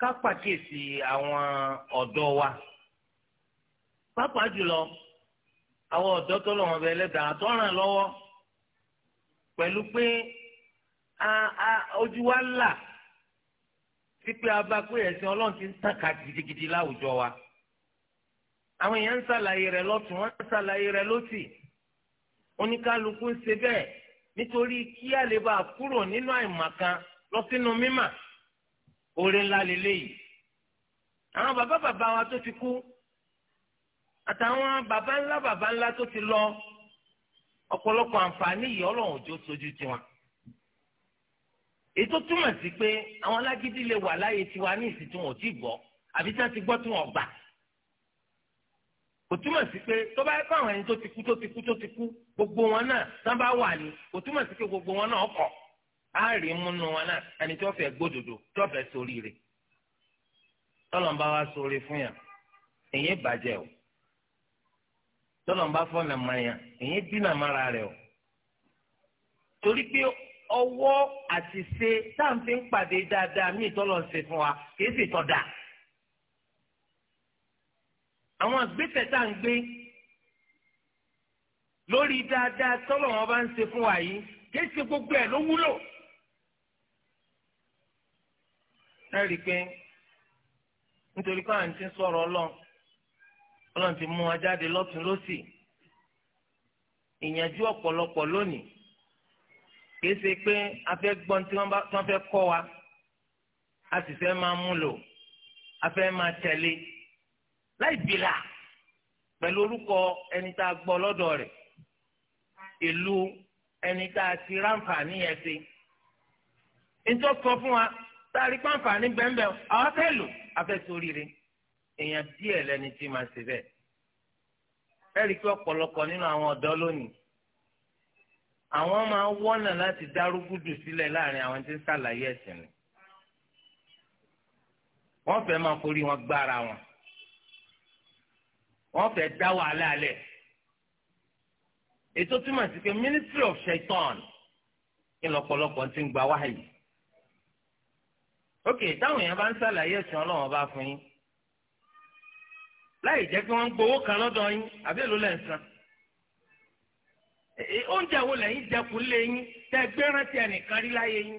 ká pàkíyèsí àwọn ọ̀dọ́ wa pàápàá jùlọ àwọn ọ̀dọ́ tó lọ́wọ́ bẹ lẹ́dàá tó ràn lọ́wọ́ pẹ̀lú pé ojú wa là sí pé a bá pé ẹ̀sìn ọlọ́run ti ń tàn ká gidigidi láwùjọ wa àwọn èèyàn ń ṣàlàyé rẹ̀ lọ́tún wọ́n ń ṣàlàyé rẹ̀ lọ́sì oníkálukú ń ṣe bẹ́ẹ̀ nítorí kí a lè bá a kúrò nínú àìmọ̀kan lọ sínú mímọ̀ oore ńlá lélẹ́yìí àwọn bàbá bàbá wa tó ti kú àtàwọn bàbá ńlá bàbá ńlá tó ti lọ ọ̀pọ̀lọpọ̀ àǹfààní yìí ọlọ́run òjò sojú tiwọn èyí tó túmọ̀ sí pé àwọn alágídí lè wà láyé tiwa ní ìsìn tí wọn ò tí gbọ́ àbí tí wọn ti gbọ́ tí wọn gbà kò túmọ̀ sí pé tó bá yẹ kó àwọn ẹni tó ti kú tó ti kú tó ti kú gbogbo wọn náà tán bá wà ní kò túmọ̀ sí pé gbogbo wọn náà kọ̀ á rí múnú wọn náà ẹni tí wọ́n fẹ́ gbódòdó tí wọ́n fẹ́ sórí rẹ̀ tọ́lọ̀mbá wa sórí fún yàn èyí bàjẹ́ o tọ́lọ̀mbá fọ́nà máa yàn èyí dínà mára rẹ̀ o torí pé ọwọ́ àti ṣe táǹfì ń pàdé dáadáa míì tọ́lọ̀ ń ṣe fún wa kìí sì tọ́ da àwọn àgbẹ̀tẹ̀ tá à ń gbé lórí dáadáa tọ́lọ̀ wọn bá ń ṣe fún wa yìí kìí ṣe gbogbo ẹ̀ ló wúlò. ẹ rí i pé nítorí pé à ń ti sọ̀rọ̀ ọlọ́run ọlọ́run ti mú wa jáde lọ́tún lọ́sì ìyànjú ọ̀pọ̀lọpọ̀ lónìí kìí ṣe pé a fẹ́ gbọ́n tí wọ́n fẹ́ kọ́ wa a sì fẹ́ máa mú lò a fẹ́ máa tẹ̀lé láì bìlà pẹ̀lú orúkọ ẹni tá a gbọ́ lọ́dọ̀ rẹ̀ ìlú ẹni tá a ti ráǹfààní ẹ̀ sí. ń tọ́ sọ fún wa sáré pàǹfààní bẹ́ẹ̀nbẹ́ẹ̀ àwọn fẹ́ lò afẹ́sóríire èèyàn díẹ̀ lẹni tí máa ṣe bẹ́ẹ̀ fẹ́ẹ́rì kí ọ̀pọ̀lọpọ̀ nínú àwọn ọ̀dọ́ lónìí àwọn máa wọ́nà láti dárúgúdù sílẹ̀ láàrin àwọn tí ń ṣàlàyé ẹ̀sìn ni wọ́n fẹ́ máa forí wọn gbára wọn wọ́n fẹ́ dá wàhálà lẹ̀ ètò túmọ̀ sí pé ministry of shaitan ńlọpọlọpọ ti ń gba wáhàyè ok táwọn èèyàn bá ń ṣàlàyé ẹ̀sìn ọlọ́run ọba fún yín láì jẹ́ kí wọ́n ń gbowó kan lọ́dọ̀ yín àbí èlò lẹ́ ń san oúnjẹ wo lẹ́yìn jẹkùn lé yín tẹ́ gbé rántí ẹnìkan rí láyé yín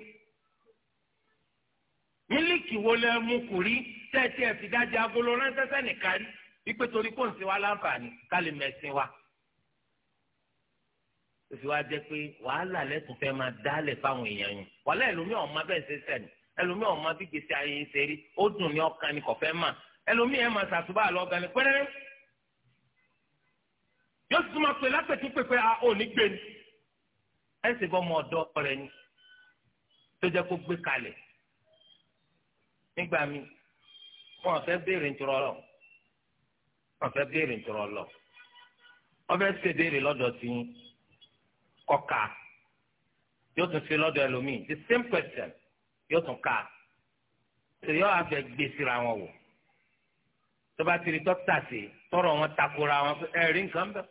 mílíkì wo lẹ mú kù rí tẹ́ tí ẹ fi dájú agolo ránṣẹ́ sẹ́nìkan rí wípé torí kò ń sin wa láǹfààní ká lè mẹ̀sìn wa òfin wa jẹ́ pé wàhálà lẹ́tùn máa dálẹ̀ fáwọn èèyàn yìí wàhálà ẹlòmíràn ọmọ bẹ́ẹ̀ ṣe sẹ́ni ẹlòmíì ọmọ bí gbèsè ayé ń ṣe rí ó dùn ní ọkàn ni kò fẹ́ mà ẹlòmíì ẹ̀ máa ṣàtúbà lọ gan ni yóò sì tún máa pè lápẹ̀tún pé a ah, ò ní gbé ni ẹ̀ sì bọ́ ọmọ ọ̀dọ́ rẹ̀ ni tó jẹ́ kó gbé kalẹ̀ nígbà míì wọn fẹ́ béèrè ntúrọ̀ lọ wọn fẹ́ béèrè ntúrọ̀ lọ wọn ṣe béèrè lọ́dọ̀ tí kọ́ka yóò tún ṣe lọ́dọ̀ ẹlòmíì the same question yóò tún ká tòyọ àfẹ gbèsè ra wọn wò tó bá ti rí dókítà sí tọrọ wọn takora wọn ẹ rí nǹkan bẹ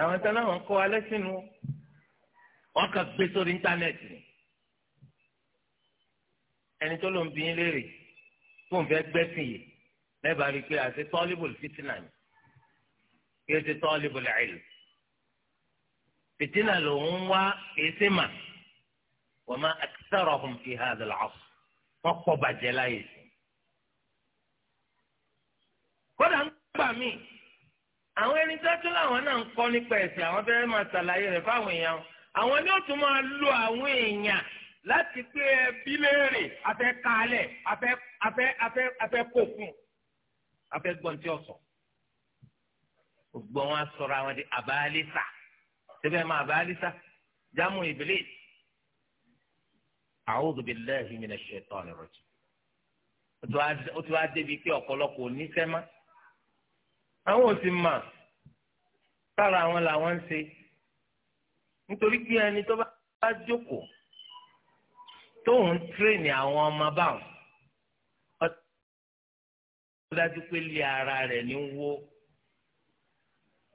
àwọn tán náà wọn kọ alẹ sínú wọn kàn gbé sórí íńtánẹ́ẹ̀tì ni ẹni tó ló ń bí yín léèrè fóun fẹ́ gbẹ́sìn yìí lẹ́bàá rí i pé àti tọ́líbùl fìtínà ni kí ẹ ti tọ́líbùl ilm fìtínà lòun ń wá èsì mà wọ́n má أكثرهم في هذا العصر وقوا بجلايس قد أنقبع مين àwọn ẹni dájú làwọn náà ń kọ́ nípa ẹ̀sìn àwọn fẹ́ẹ́ máa ṣàlàyé rẹ̀ fáwọn èèyàn àwọn ni ó tún máa lo àwọn èèyàn láti pé ẹbí léèrè afẹ́ kaalẹ̀ afẹ́ tí ó sọ. gbogbo wọn sọ̀rọ̀ àwọn di abalisa síbẹ̀ máa abalisa jámù ìbílẹ̀ a'udhu billahi minash shaitani rajim ó ti wá débi pé ọ̀pọ̀lọpọ̀ oníṣẹ́ má àwọn ò sì mà sára àwọn làwọn ń ṣe nítorí pé ẹni tó bá jókòó tóun tírèèni àwọn ọmọ báwọn ó dájú pé lé ara rẹ̀ ní wó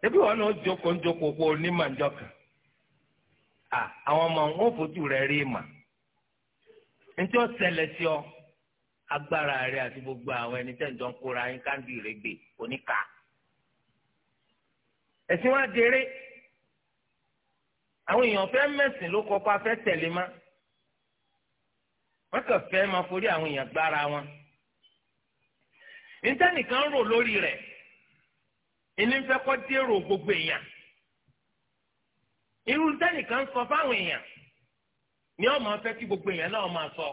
ebi wọn náà jókòó ń jókòó pé onímọ̀ njọ́ kan àwọn ọmọ wọn ò fojú rẹ̀ rí mà ntí ó ṣẹlẹ̀ sí ọ agbára rẹ àti gbogbo àwọn ẹni tẹ́ ń jọ ń kóra yín káńdì rẹ oníkà ẹ̀sìn wa déré àwọn èèyàn fẹ́ mẹ̀sìn ló kọ́ pa fẹ́ tẹ̀lé má wọ́n kàn fẹ́ máa forí àwọn èèyàn gbára wọn nítẹ́nìkan rò lórí rẹ̀ ilé ń fẹ́ kọ́ dérò gbogbo èèyàn irú nítẹ́nìkan sọ fáwọn èèyàn ni ọmọ fẹ́ kí gbogbo èèyàn náà máa sọ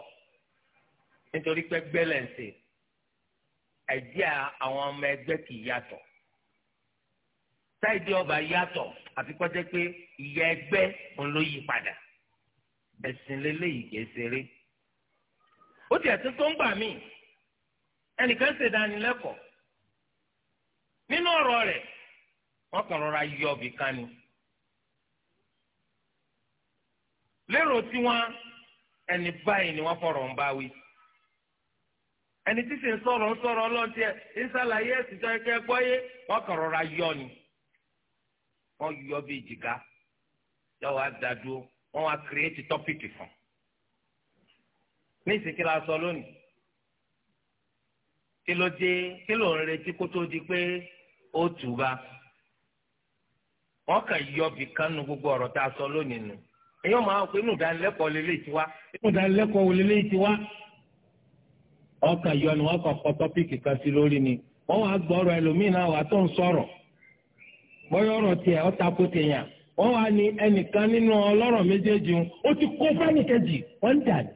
nítorí pé gbẹ́lẹ̀ ń ṣe ẹ̀jẹ̀ àwọn ọmọ ẹgbẹ́ kì í yàtọ̀ táìdì ọba yàtọ̀ àfi kó jẹ́ pé ìyá ẹgbẹ́ òun ló yí padà ẹ̀sìn lélẹ́yìí kìí ṣeré ó tiẹ̀ tó tó ń gbà mí ẹnìkan ṣe dánilẹ́kọ̀ọ́ nínú ọ̀rọ̀ rẹ̀ wọ́n kàn rọra yọ ọ̀bì kan ni. lérò tiwọn ẹni báyìí ni wọn fọrọ ń bá wí ẹni tí sì ń sọ̀rọ̀ ń sọ̀rọ̀ ọlọ́ọ̀tì ẹ̀ ń ṣàlàyé ẹ̀sìn tó ẹ̀kẹ́ gbọ́ wọ́n kàn rọra yọ ni wọ́n yọ bí ìjìká yóò wá dàdúró wọ́n wá kírẹ́ẹ̀tì tọ́pìkì fún ní ìsìnkí la sọ lónìí kí ló dé kí ló ń retí kó tó di pé ó tù bá wọ́n kàn yọ bìkan nu gbogbo ọ̀rọ̀ tá a sọ lónìí nù. No e máa wò pé inú ìdánilẹ́kọ̀ọ́ lélẹ́yìí ti wá. inú ìdánilẹ́kọ̀ọ́ wò lélẹ́yìí ti wá. ni wọn kàn kan sí lórí ni sọ̀rọ̀ bọ́yọ̀ ọ̀rọ̀ tiẹ̀ ti yàn wọn wàá ní ẹnìkan nínú ọlọ́rọ̀ méjèèjì ó ti kó wọ́n dà ní.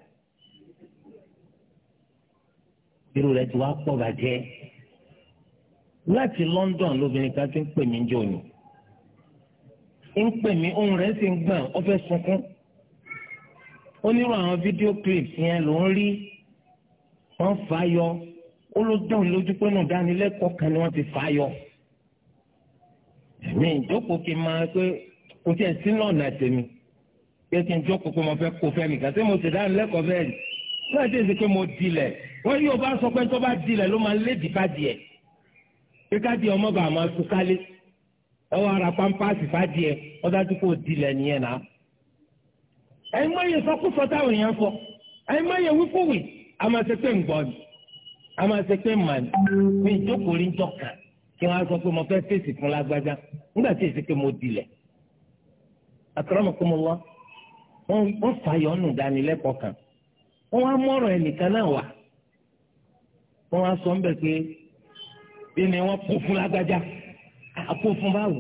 irú rẹ ti wá pọ̀ bàjẹ́ láti London lóbìnrin kan ti ń pè mí ń pè mí ohun rẹ̀ sì ń gbọ̀n ó fẹ́ sunkún ó àwọn fídíò clips yẹn ló ń rí wọ́n fà á yọ ó ló dùn lójú pé nù dánilẹ́kọ̀ọ́ kan ni wọ́n ti fà á yọ mi ìjókòó kí n máa pé kò tiẹ̀ sínú ọ̀nà tèmi pé kí n jókòó pé mo fẹ́ kó fẹ́ mi kàtí mo ti dánilẹ́kọ̀ọ́ bẹ́ẹ̀ ni láì dé ìsìnkú mo dilẹ̀ wọ́n yóò bá sọ pé tó bá dilẹ̀ ló máa lé dìkadìẹ̀ kíkadìẹ̀ ọmọ bàá máa tú kálé ọwọ́ ara pampasì fàdíẹ ọdájú kò dilẹ̀ na. náà. ẹ̀yin mọ̀yẹ sọkúsọ táwọn èèyàn sọ ẹ̀yin mọ̀yẹ wíkúwì a máa ṣe pé ń gbọ́ ni a máa ṣe pé ń mà ní mi ìjókòó rí ń jọkà kí wọ́n á sọ pé mo fẹ́ fèsì fún lágbájá nígbà tí èsì pé mo dilẹ̀. àtàràmọ̀kọ́mọ́wá wọ́n fàyọ̀ ọ̀nù dánilẹ́kọ̀ọ́ kan wọ́n wá mọ̀rọ̀ ẹnìkan náà wà wọ́n wá sọ ń bẹ̀ pé bí ni wọ́n kú fún lágbájá àpò fún báwo.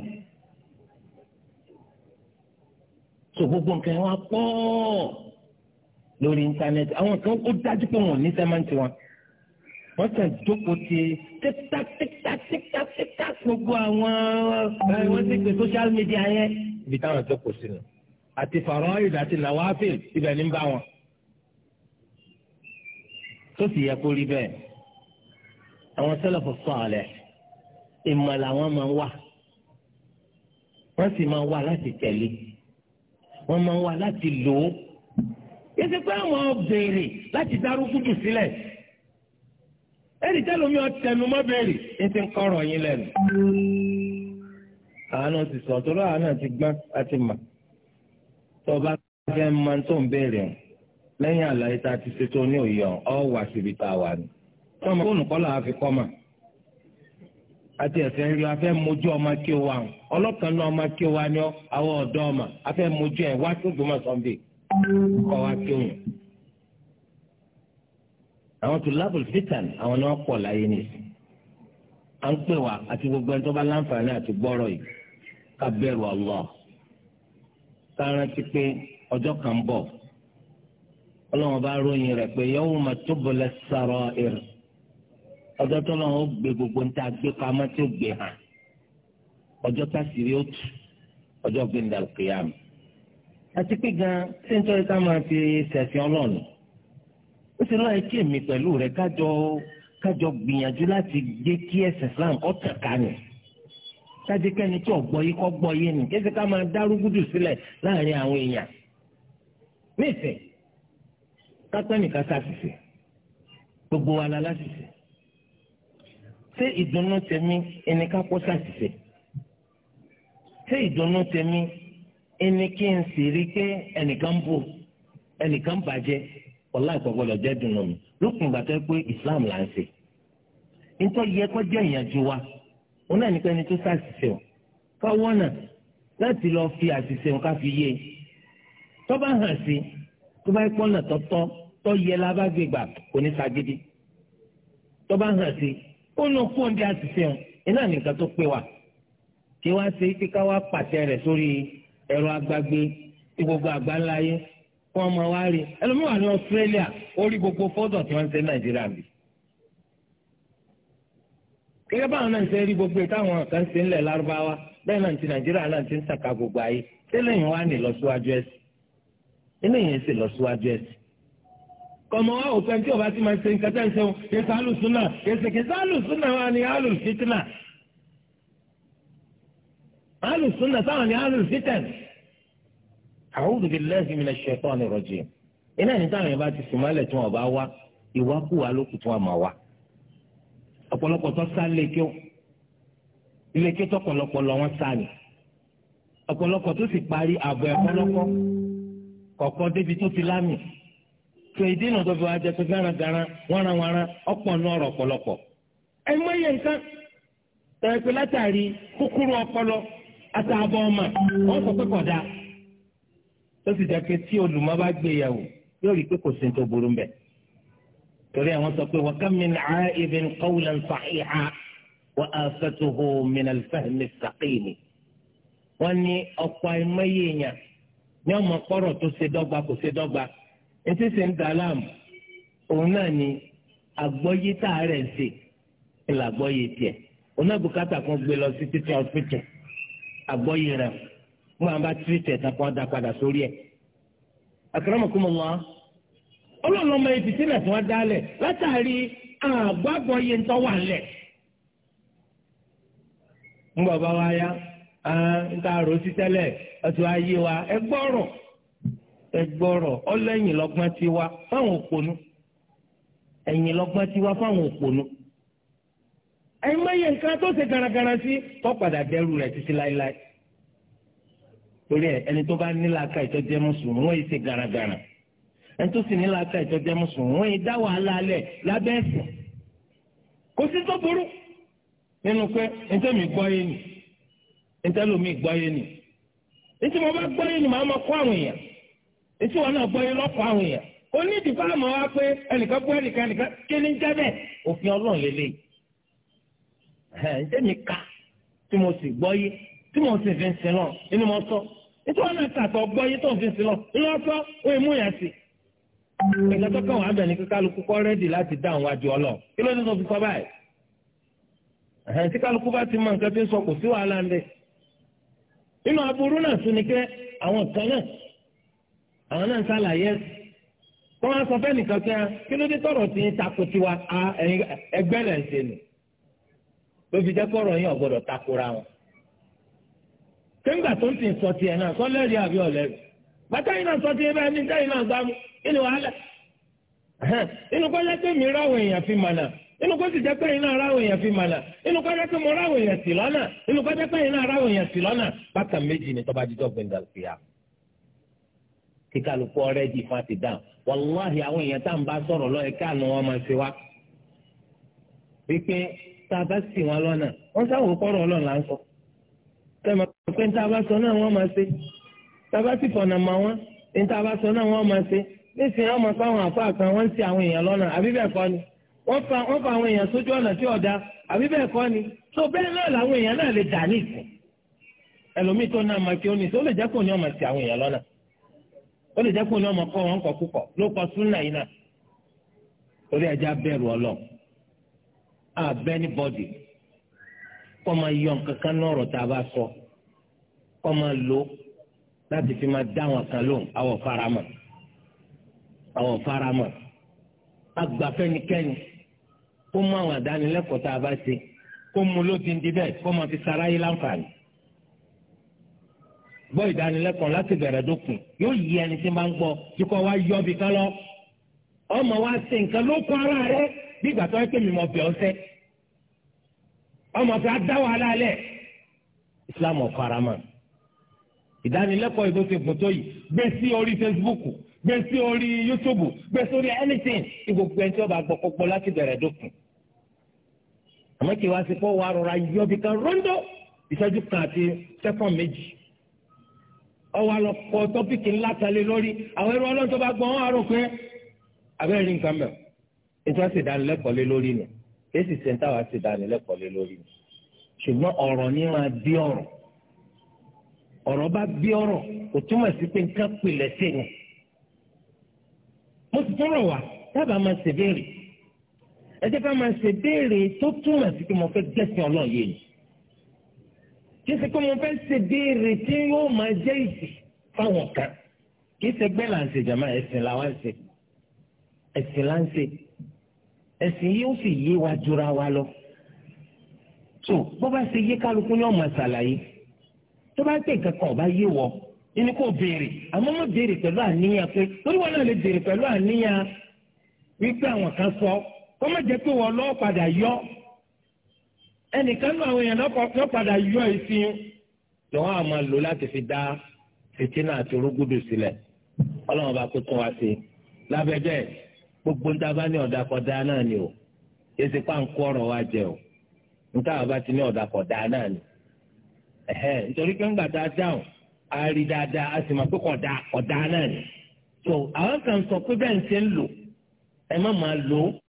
so gbogbo nǹkan wọn pọ̀ lórí íńtánẹ́ẹ̀tì àwọn kan ó dájú pé wọn ò ní sẹ́mẹ́ǹtì wọn wọ́n kàn jókòó ti tíktá tíktá tíktá tíktá gbogbo àwọn wọ́n ti pè social media yẹn. ibi táwọn jókòó sí nù àti fàrọ̀ ìdá àti làwáfíìl ibẹ̀ ní bá wọn. tó sì yẹ kó rí bẹ́ẹ̀ àwọn sẹ́lẹ̀ fọ́ sọ àlẹ́ ìmọ̀ làwọn máa ń wà wọ́n sì máa ń wà láti tẹ̀lé wọ́n máa ń wà láti lò ó yẹsẹ pé àwọn béèrè láti darúgbó jù sílẹ̀ ẹnì tẹ́lómi ọ̀tẹnu mọ́ béèrè ní ti ń kọ́rọ̀ yín lẹ́nu. àwọn náà ti sọ̀tọ́ lọ́wọ́ àwọn náà ti gbọ́n láti mà tó o bá fẹ́ máa tó ń béèrè o lẹ́yìn àlàyé tá a ti ṣètò ní òye ọ̀ wá síbi tá a wà ní. tọ́mọ fóònù kọ́ làá fi kọ́ mà àti ẹ̀sẹ̀ ń rí afẹ́ mojú ọmọ kí o wa ọlọ́kan náà ọmọ kí o wa ni àwọn ọ̀dọ́ ọmọ afẹ́ mojú ẹ̀ wá sí gbọmọ sọ́nbì kọ́ wa kí o yàn. àwọn tó lábùl fitan àwọn náà pọ̀ láyé ni à ń pè wá àti gbogbo ẹni tó bá láǹfààní àti gbọ́rọ̀ yìí ká bẹ̀rù Allah ká rántí pé ọjọ́ kan ń bọ̀ ọlọ́wọ́n bá ròyìn rẹ̀ pé yawma tubla as-sarair ọjọ́ tó náà ó gbé gbogbo ń ta gbé pamọ́ tí ó gbé hàn ọjọ́ tásìrí ó tù ọjọ́ gbẹ̀ndà kìyàmù. àti pé gan ṣé ń tọ́ ká máa fi ṣẹ̀sìn ọlọ́run ó ti lọ́ọ́ ẹkí èmi pẹ̀lú rẹ̀ kájọ kájọ gbìyànjú láti gbé kí ẹ̀sìn Islam kọ́ tàkà nì ṣáàjì kẹ́ni tí ọ̀gbọ́ yìí kọ́ gbọ́ yé nì kí ẹ̀sìn ká máa dárúgúdù sílẹ̀ láàrin àwọn èèyàn nífẹ̀ẹ́ kápẹ́nì ká gbogbo wa la láṣìṣe ṣé ìdùnnú tèmi ẹni ká kó sàṣìṣe ṣé ìdùnnú tèmi ẹni kí n sì rí pé ẹnìkan bò ẹnìkan bàjẹ́ ọ̀la ìkọ̀gbọ́dọ̀ jẹ́ dùnnú mi lókun ìgbà tó pé Islam là ń ṣe nítorí yẹ kó jẹ́ ìyànjú wa òun náà ní pé ẹni tó sàṣìṣe o káwọ́ náà láti lọ fi àṣìṣe òun ká fi yé e tó bá hàn sí tó bá pọ́nà tọ́tọ́ tó yẹ lábàgbé gbà kò ní sagídí tó bá hàn sí ó nù fún oúnjẹ àṣìṣe hàn iná nìkan tó pé wa kí wá ṣe pé ká wá pàṣẹ rẹ̀ sórí gbogbo kó ọmọ wa rí ẹlòmíràn ní Australia ó gbogbo tí ṣe Nàìjíríà bì báwọn náà ń ṣe rí gbogbo ìtàwọn kan ṣe lárúbáwá náà ti Nàìjíríà náà ti ń gbogbo ayé tẹ́lẹ̀ yìí wá ní lọ́síwájú ọmọ wa ò fẹ́ tí ọba ti máa ṣe nǹkan tẹ́ ń ṣe wọn èsì alùsùnà èsì kìí sálùsùnà wa ni alùsìtìnà alùsùnà sáwọn ni alùsìtẹ̀n. a'udhu billahi minash shaitani rajim iná ní táwọn yẹn bá ti sùn mọ́lẹ̀ tí wọn bá wá ìwákùwà ló kù tí wọn máa wá ọ̀pọ̀lọpọ̀ tó sá lékè lékè tó pọ̀lọpọ̀lọ wọn tó ìdí náà tó fi wá jẹ pé gánagànà ọpọlọpọ ọ̀pọ̀ náà rọ̀ pọ̀lọpọ̀. iye látàrí kúkúrú ọpọlọ àtààbọ̀ ọmọ wọn sọ pé kọ̀dá tó sì tí olùmọ̀ bá e yóò rí i pé kò sí tó burú mbẹ̀. torí àwọn sọ pé wọ́n kàmí nàá ibi kọ́wùlẹ̀ ní ní ọmọ tó ṣe kò etí sì ń da láàmú òun náà ni àgbọ́yé tá a rẹ̀ ń ṣe ńlá àgbọ́yé tiẹ̀ òun kan gbé lọ sí títí ọ̀sìtì àgbọ́yé rẹ̀ fún àwọn bá tírìtì ẹ̀ta kan dá padà sórí ẹ̀. àkàràmọ̀kúmọ̀wá ọlọ́ọ̀lọ́mọ etí sílẹ̀ tí wọ́n látàrí wà lẹ̀. ń bọ̀ bá wa ń rò sí tẹ́lẹ̀ ẹgbọ́rọ̀ ọlẹ́yìn lọ́gbọ́n ti wá fáwọn òpònú ẹ̀yìn lọ́gbọ́n ti wá fáwọn òpònú. ẹ̀yin mẹ́yẹ nǹkan tó ṣe garagara sí tó padà dẹ́rù rẹ̀ títí láéláé. torí ẹ ẹni tó bá nílò aka ìtọ́jẹ́ mùsùlùmí wọ́n yìí ṣe garagara ẹni tó sì nílò aka ìtọ́jẹ́ mùsùlùmí wọ́n yìí dá wàhálà alẹ̀ lábẹ́ ẹ̀sìn. kò sí tó burú nínú pé ntẹ́mi gbọ́ yé ni ntẹ́lómi gbọ́ yé ni ntẹ́mi ọba gbọ́ yé ni màá ma kọ́ àwọn èèyàn etí wọn náà gbọ́yé lọ́pọ̀ àwọn èèyàn ó ní ìdìbò àmọ́ wa pé ẹnìkan bú ẹnìkan ẹnìkan kí ni jẹ́ bẹ́ẹ̀ òfin ọlọ́run lélẹ̀ ǹjẹ́ mi ka tí mo sì gbọ́yé tí mo sì fi ń sin lọ inú mo sọ etí wọn náà tàtọ̀ gbọ́yé tó ń fi ń sin lọ inú wọn sọ ó yẹ mú yẹn sí. ìgbà tó kàn wọ́n abẹ ní kíkálukú kọ́ rẹ́dì láti dáhùn wájú ọlọ kí ló ní tó fi sọ báyìí. tí kálukú bá ti mọ nǹkan tí ń sọ kò sí wàhálà ń bẹ. inú aburú náà tún ni pé àwọn náà ń ṣàlàyé kọ́ wá sọ fẹ́nìkan kí wọ́n kí ló dé tí ń takò tiwa ẹgbẹ́ rẹ̀ ń ṣe nù ló fi jẹ́ kọrọ yín takora wọn. kéńgbà tó ń sọ tiẹ̀ náà sọ lẹ́rìí àbí ọ̀lẹ́rìí bàtà yìí náà sọ tiẹ̀ bẹ́ẹ̀ ní tẹ́yìn náà gbámú inú wàhálà inú kọ́ pé mi ráwọ̀ èèyàn fi mànà inú kó pé iná ráwọ̀ èèyàn fi mànà inú kọ́ pé mo èèyàn kí kálukú ọ̀rẹ́ di fún àti dáhùn wàláhì àwọn èèyàn tá à ń bá sọrọ lọ́ọ́ ẹ̀ka àná wọn máa ṣe wá. wípé tá a wọn lọ́nà wọ́n sáwọn òkọ́rọ̀ ọlọ́run là ń sọ. tẹ̀mọ̀ pé bá sọ náà wọ́n máa ṣe tá a fọ̀nà mọ́ wọn náà wọ́n máa ṣe nísìnyí wọn wọ́n ń lọ́nà àbí kọ́ ni wọ́n ó lè jẹ́ pé ní ọmọ kọ́ wọn kọ́ púpọ̀ ló kọ súnà yìí náà orí ẹja bẹ̀rù ọlọ abẹ́ni bọ́dì kọ́ máa yọ nǹkan kan náà ọ̀rọ̀ tá a bá sọ kọ́ máa lò láti fi máa dá àwọn kan lóhùn àwọ̀ faramọ̀ àwọ̀ faramọ̀ agbafẹ́nikẹ́ni kó mú àwọn àdánilẹ́kọ̀ọ́ tá a bá ṣe kó mú lódindi bẹ́ẹ̀ kó máa fi sáráyé láǹfààní gbọ́ ìdánilẹ́kọ̀ọ́ láti bẹ̀rẹ̀ dókun yóò yí ẹni tí máa ń gbọ́ tí kò wá yọ bí kán lọ. ọmọ wa ṣe nǹkan ló kọ́ ara rẹ bí ìgbà tó ẹ pé mi mọ̀ bẹ̀ ọ́sẹ́. ọmọ fi dá wàhálà lẹ̀ Islam ọ̀farama. ìdánilẹ́kọ̀ọ́ ìbò ti gùn yìí gbé sí orí Facebook gbé sí orí YouTube gbé sórí anything ìgbòkùn ẹni tí ó bá gbọ́ kọ́kọ́ láti bẹ̀rẹ̀ dókun. àmọ́ kí wá sí pọ́ wa rọra yọ bí kan rọ́ńdọ̀ ìṣẹ́jú kan àti sẹ́fọ̀n méjì ọwọ́ àlọ́ kọ tọ́pìkì ńlá talẹ̀ lórí àwọn ẹrú ọlọ́run tó bá gbọ́ wọn àrò pé abẹ́rẹ́ rí nǹkan mẹ́ọ̀ ètò àṣìdánilẹ́kọ̀ọ́ lé lórí nù èsì sẹ́ńtà wà àṣìdánilẹ́kọ̀ọ́ lé lórí nù ṣùgbọ́n ọ̀rọ̀ ní máa bí ọ̀rọ̀ ọ̀rọ̀ bá bí ọ̀rọ̀ kò túmọ̀ sí pé nǹkan pilẹ̀ sí ni mo ti tọrọ wá dábàá máa ṣèbéèrè ẹ jẹ́ ká máa ṣèbéèrè tó túmọ̀ sí pé mo fẹ́ gẹ̀sìn ọlọ́ọ̀yẹ́ ni kí ṣe pé mo fẹ́ ṣe béèrè tí yóò máa jẹ́ ìsì fáwọn kan kì gbẹ́ là ń ṣe jàmá ẹ̀sìn là ṣe ẹ̀sìn là ń ṣe ẹ̀sìn yóò sì yé wa jura wa lọ so bó bá ṣe yé kálukú yóò máa ṣàlàyé tó bá pè kankan ọba yé wọ ẹni kò béèrè àmọ́ mo béèrè pẹ̀lú àníyàn pé lórí wọn náà lè béèrè pẹ̀lú àníyàn wípé àwọn kan sọ kọ́mọ̀jẹ́ pé wọ́n lọ́ọ́ padà yọ ẹnìkan náà àwọn èèyàn lọ́ padà yọ ìsìn tí wọ́n á máa lò láti fi dá fìtínà àti orúgúdù sílẹ̀ ọlọ́run bá kó tún wá sí i lábẹ́ bẹ́ẹ̀ gbogbo ń dábàá ní ọ̀dà kọ̀dá náà ni o èsì pàǹkó ọ̀rọ̀ wa jẹ o níta àbá ti ní ọ̀dà kọ̀dá náà ni nítorí pé ńgbà tá a dáhùn a rí dáadáa a sì máa pé kọ̀dá kọ̀dá náà ni so àwọn kan sọ pé bẹ́ẹ̀ ń ṣe ń lò ẹ má máa lò ó.